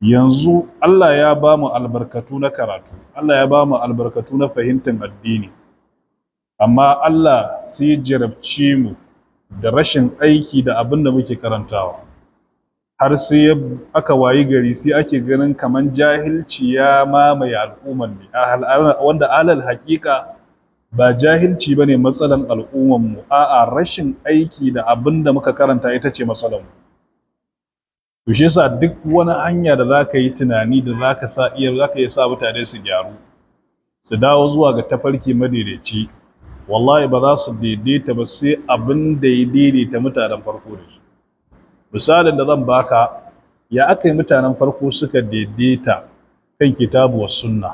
yanzu Allah ya ba mu albarkatu na karatu Allah ya ba mu albarkatu na fahimtar addini amma Allah sai ya jarabci mu da rashin aiki da abin da muke karantawa har sai aka wayi gari sai ake ganin kaman jahilci ya mamaye al'ummar ne wanda alal hakika ba jahilci ba ne matsalan al'ummar mu a'a rashin aiki da abin da muka karanta ita ce matsalar mu to shi yasa duk wani hanya da zaka yi tunani da zaka sa iya zaka yi sa mutane su gyaru su dawo zuwa ga tafarki madaidaici wallahi ba za su daidaita ba sai abin da ya daidaita mutanen farko da shi misalin da zan baka ya aka yi mutanen farko suka daidaita kan kitabu wa sunna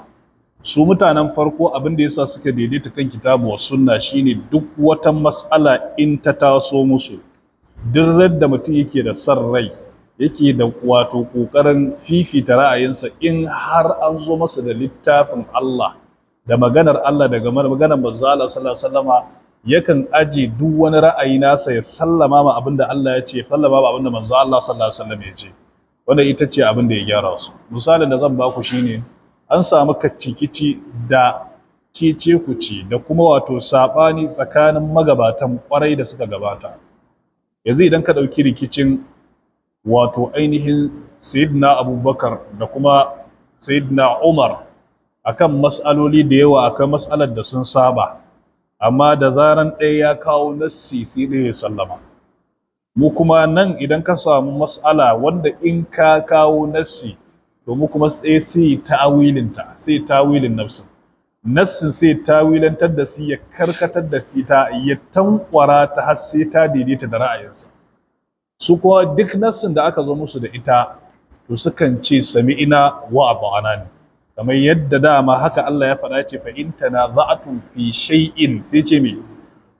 su mutanen farko abin da yasa suka daidaita kan kitabu wa sunna shine duk wata mas'ala in ta taso musu duk da mutum yake da san rai yake da wato kokarin fifita ra'ayinsa in har an zo masa da littafin Allah da maganar Allah daga maganar manzo Allah sallallahu alaihi wasallama yakan aje duk wani ra'ayi nasa ya sallama ma abinda Allah ya ce sallama ma abinda manzo Allah sallallahu alaihi wasallam ya ce wanda ita ce abinda ya gyara su misalin da zan ba ku shine an samu kacikici da cece kuci da kuma wato sabani tsakanin magabatan kwarai da suka gabata yanzu idan ka dauki rikicin wato ainihin sayyidina abubakar da kuma sayyidina umar akan mas'aloli da yawa akan mas'alar da sun saba amma da zaran ɗaya ya kawo nassi sai ɗaya ya sallama mu kuma nan idan ka samu mas'ala wanda in ka kawo nassi to mu kuma sai sai ta'awilin sai ta'awilin nafsin nassin sai tawilantar da shi ya karkatar da shi ta ya tankwara ta har sai ta daidaita da ra'ayinsa su kuwa duk nassin da aka zo musu da ita to sukan ce sami'ina wa ata'ana ne kamar yadda dama haka Allah ya faɗa ce fa in za'atu fi shay'in sai ce me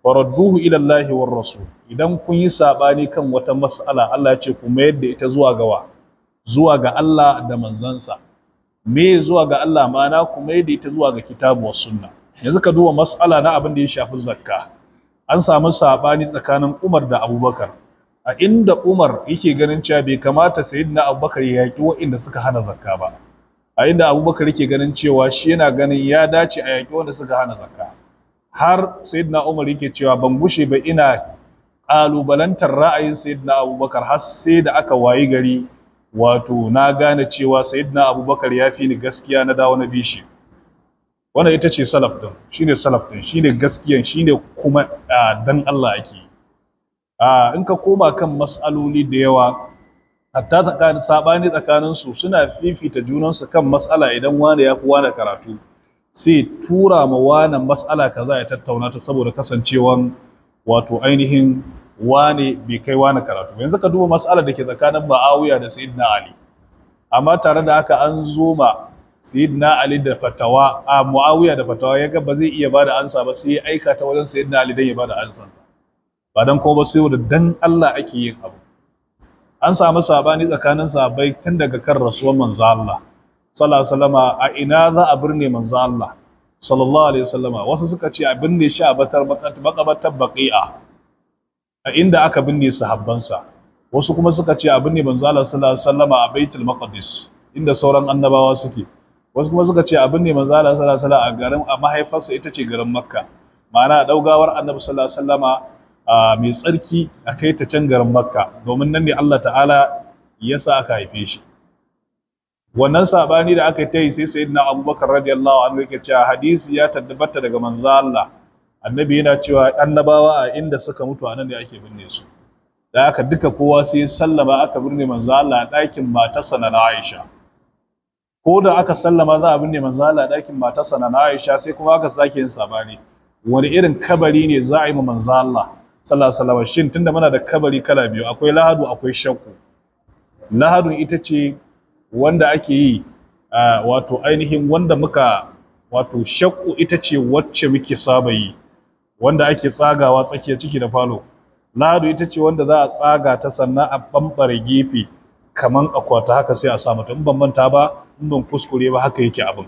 faradduhu ila Allah war rasul idan kun yi sabani kan wata mas'ala Allah ya ce ku mayar da ita zuwa gawa zuwa ga Allah da manzansa me zuwa ga Allah ku kuma yadda ita zuwa ga kitabu was sunna yanzu ka duba mas'ala na abin da ya shafi zakka an samu sabani tsakanin Umar da Abubakar a inda Umar yake ganin cewa bai kamata Sayyidina Abubakar ya yaƙi waɗanda suka hana zakka ba a inda Abubakar yake ganin cewa shi yana ganin ya dace a yaƙi wanda suka hana zakka har Sayyidina Umar yake cewa ban gushe ba ina ƙalubalantar ra'ayin Sayyidina Abubakar har sai da aka wayi gari wato na gane cewa Sayyidina Abubakar ya fi ni gaskiya na dawo na bishi wannan ita ce salaf din shine salaf din shine gaskiyan shine kuma dan Allah ake yi in ka koma kan mas'aloli da yawa hatta tsakanin sabani tsakanin su suna fifita junansu kan mas'ala idan wani ya fi wani karatu sai tura ma wani mas'ala za ya tattauna ta saboda kasancewan wato ainihin wani bai kai wani karatu yanzu ka duba mas'ala da ke tsakanin ma'awiya da sayyidina ali amma tare da haka an zo ma sayyidina ali da fatawa a da fatawa ya ga ba zai iya bada ansa ba sai ya aika ta wajen sayyidina ali dan ya bada ansa ba don kuma ba sai saboda dan Allah ake yin abu an samu sabani tsakanin sahabbai tun daga kan rasuwar manzo Allah sallallahu alaihi wasallama a ina za a birne manzo Allah sallallahu alaihi wasallama wasu suka ce a binne shi a batar makabatar baqi'a a inda aka binne sahabbansa wasu kuma suka ce a binne manzo Allah sallallahu alaihi wasallama a Baitul Maqdis inda sauran annabawa suke wasu kuma suka ce abin ne manzo Allah sallallahu alaihi wasallam a garin a mahaifarsa ita ce garin Makka ma'ana daugawar Annabi sallallahu alaihi wasallama mai tsarki a kai ta can garin makka domin nan ne Allah ta'ala ya sa aka haife shi wannan sabani da aka ta yi sai na abubakar radiyallahu anhu yake cewa hadisi ya tabbata daga manzo Allah annabi yana cewa annabawa a inda suka mutu a nan ne ake binne su da aka duka kowa sai sallama aka binne manzo Allah a ɗakin matarsa na Aisha ko da aka sallama za a binne manzo Allah a ɗakin matarsa na Aisha sai kuma aka sake yin sabani wani irin kabari ne za a yi wa manzo Allah sallallahu alaihi wasallam shin tunda muna da kabari kala biyu akwai lahadu akwai shakku lahadun ita ce wanda ake yi wato ainihin wanda muka wato shakku ita ce wacce muke saba yi wanda ake tsagawa tsakiya ciki da falo lahadu ita ce wanda za a tsaga ta sannan a bambare gefe kaman akwata haka sai a samu, mata in ban manta ba in ban kuskure ba haka yake abin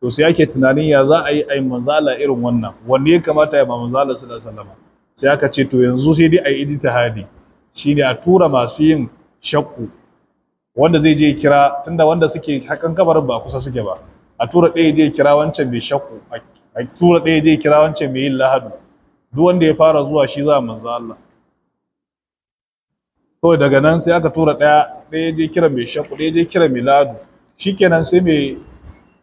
to sai ake tunanin ya za a yi ai manzala irin wannan wanne ya kamata ya ba manzala sallallahu alaihi wasallam sai aka ce to yanzu sai dai a yi ijtihadi shine a tura masu yin shakku wanda zai je kira tunda wanda suke hakan kabar ba kusa suke ba a tura ɗaya je kira wancan mai shakku a tura ɗaya je kira wancan mai yin lahadu duk wanda ya fara zuwa shi za manzo Allah to daga nan sai aka tura ɗaya ɗaya je kira mai shakku ɗaya je kira mai lahadu shikenan sai mai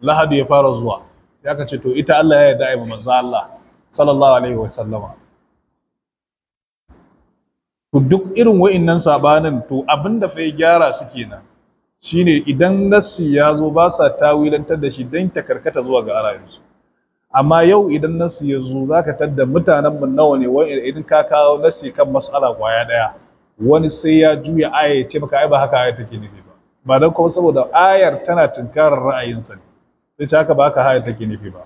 lahadu ya fara zuwa ya ka ce to ita Allah ya yarda ai manzo Allah sallallahu alaihi wa sallama to duk irin wa'innan sabanin to abin da fa ya gyara su kenan shine idan nassi ya zo ba sa tawilantar da shi don ta karkata zuwa ga arayensu amma yau idan nassi ya zo za ka tadda mutanen mu nawa ne wani idan ka kawo nassi kan mas'ala kwaya daya wani sai ya juya aya ce maka ai ba haka aya take nufi ba ba dan kuma saboda ayar tana tunkarar ra'ayinsa ne sai haka ba haka aya take nufi ba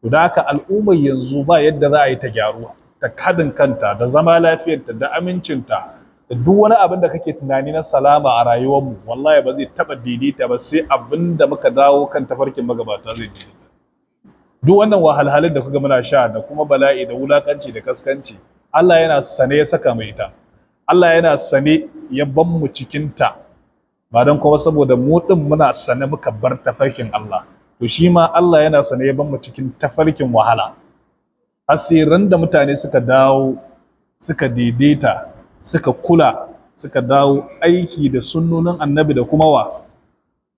to da haka al'ummar yanzu ba yadda za a yi ta gyaruwa da kadin kanta da zama lafiyarta da amincinta da duk wani abin da kake tunani na salama a rayuwar mu, wallahi ba zai taba ta ba sai abin da muka dawo kan tafarkin magabata zai daidaita duk wannan wahalhalun da kuka muna sha da kuma bala'i da wulakanci da kaskanci Allah yana sane ya saka mai ita Allah yana sane ya ban mu cikin ta ba don kuma saboda mu din muna sane muka bar tafarkin Allah to shi ma Allah yana sane ya ban mu cikin tafarkin wahala hasiran da mutane suka dawo suka daidaita suka kula suka dawo aiki da sunnonin annabi da kuma wa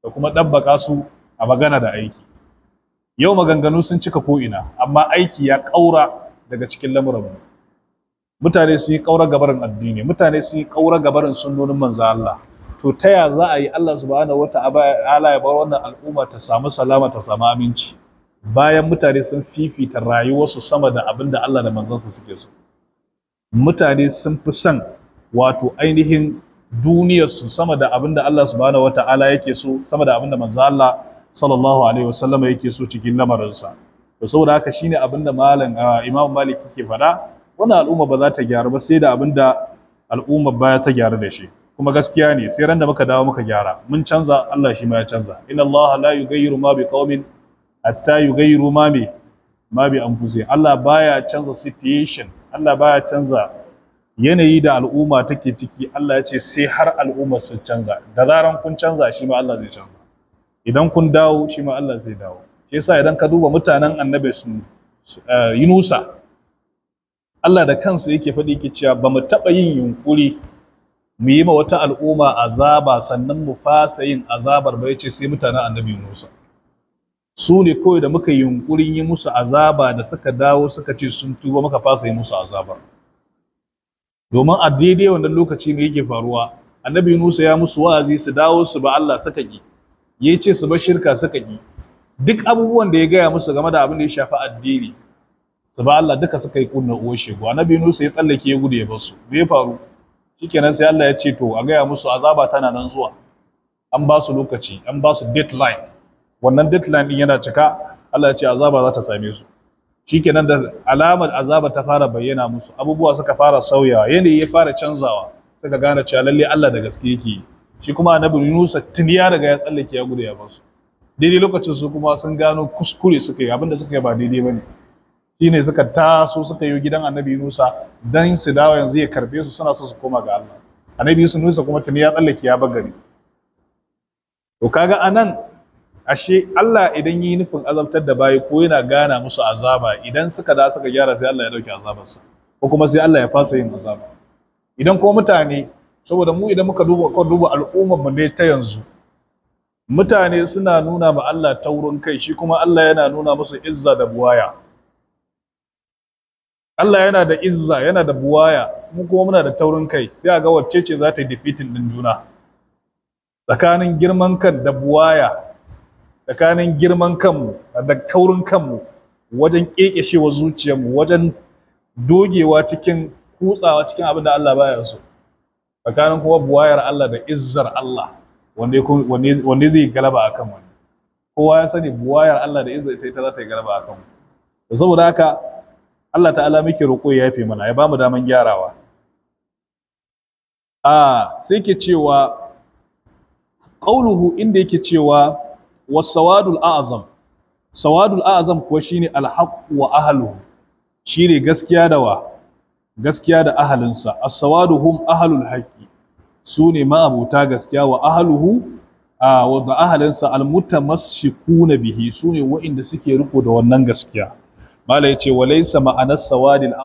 da kuma ɗabbaka su a magana da aiki yau maganganu sun cika ko'ina amma aiki ya ƙaura daga cikin lamuranmu mutane su yi ƙaura gabarin addini mutane su yi ƙaura gabarin sunnonin manzo Allah to ta ya za a yi Allah subhanahu wata'ala ya bar wannan al'umma ta samu salama ta samu aminci bayan mutane sun fifita rayuwarsu sama da abin da Allah da manzansa suke so mutane sun fi son wato ainihin duniyarsu sama da abin da Allah subhanahu wata'ala yake so sama da abin da manzo Allah sallallahu alaihi wasallama yake so cikin lamarinsa to saboda haka shine abin da malam ah, Imam Malik yake faɗa wannan al'umma ba za ta gyara ba sai da abin da al'umma baya ta gyaru da shi kuma gaskiya ne sai ran da muka dawo muka gyara mun canza Allah shi ma ya canza inna Allah la yughayyiru ma biqaumin hatta yugayyiru ma me ma bi anfusihim Allah baya canza situation Allah baya canza yanayi da al'umma take ciki Allah ya ce sai har al'ummar su canza da zaran kun canza shi ma Allah zai canza idan kun dawo shi ma Allah zai dawo shi yasa idan ka duba mutanen annabi sun eh, Yunusa Allah da kansa yake faɗi yake cewa ba mu taɓa yin yunkuri mu yi ma wata al'umma azaba sannan mu fasa yin azabar ba yace sai mutanen annabi yunusa su ne kawai da muka yunkurin yi musu azaba da suka dawo suka ce sun tuba muka fasa yi musu azabar domin a daidai wannan lokaci ne yake faruwa annabi Musa ya musu wa'azi su dawo su ba Allah suka ki ya ce su bar shirka suka ki duk abubuwan da ya gaya musu game da abin da ya shafi addini su ba Allah duka suka yi kunna uwar shegu annabi Musa ya tsallake ya gudu ya bar su me ya faru shikenan sai Allah ya ce to a gaya musu azaba tana nan zuwa an ba lokaci an ba su deadline wannan deadline din yana cika Allah ya ce azaba za ta same su shikenan da alamar azaba ta fara bayyana musu abubuwa suka fara sauyawa yanayi ya fara canzawa suka gane cewa lalle Allah da gaske yake shi kuma annabi Musa tuni ya riga ya tsallake ya gudu ya basu daidai lokacin su kuma sun gano kuskure suka yi abinda suka yi ba daidai bane shine suka taso suka yi gidan annabi Musa dan su dawo yanzu ya karbe su suna so su koma ga Allah annabi Musa kuma tuni ya tsallake ya bagari to kaga anan ashe Allah idan yi nufin azabtar da bayi ko yana gana musu azaba idan suka da suka gyara sai Allah ya dauke azabarsa ko kuma sai Allah ya fasa yin azaba idan ko mutane saboda mu idan muka duba ko duba al'ummar mu ne ta yanzu mutane suna nuna ma Allah taurin kai shi kuma Allah yana nuna musu izza da buwaya Allah yana da izza yana da buwaya mu kuma muna da taurin kai sai a ga wacce ce za ta yi defeating din juna tsakanin girman kan da buwaya tsakanin girman kanmu da taurin kanmu wajen kekeshewa zuciyarmu wajen dogewa cikin kutsawa cikin abin da Allah baya so tsakanin kuma buwayar Allah da izzar Allah wanda zai galaba akan wani kowa ya sani buwayar Allah da izzar ita ita za ta yi galaba akan mu saboda haka Allah ta'ala muke roƙo ya yafe mana ya bamu daman gyarawa a ah, sai ke cewa qauluhu inda yake cewa wasawadul a'azam sawadul a'azam kuwa shine alhaq wa ahluhu shine gaskiya da wa gaskiya da ahalinsa as-sawadu hum ahlul haqqi sune ma'abuta gaskiya wa ahluhu wa da ahalinsa almutamassikuna bihi sune wa'inda suke riko da wannan gaskiya mala yace walaysa ma'anas sawadil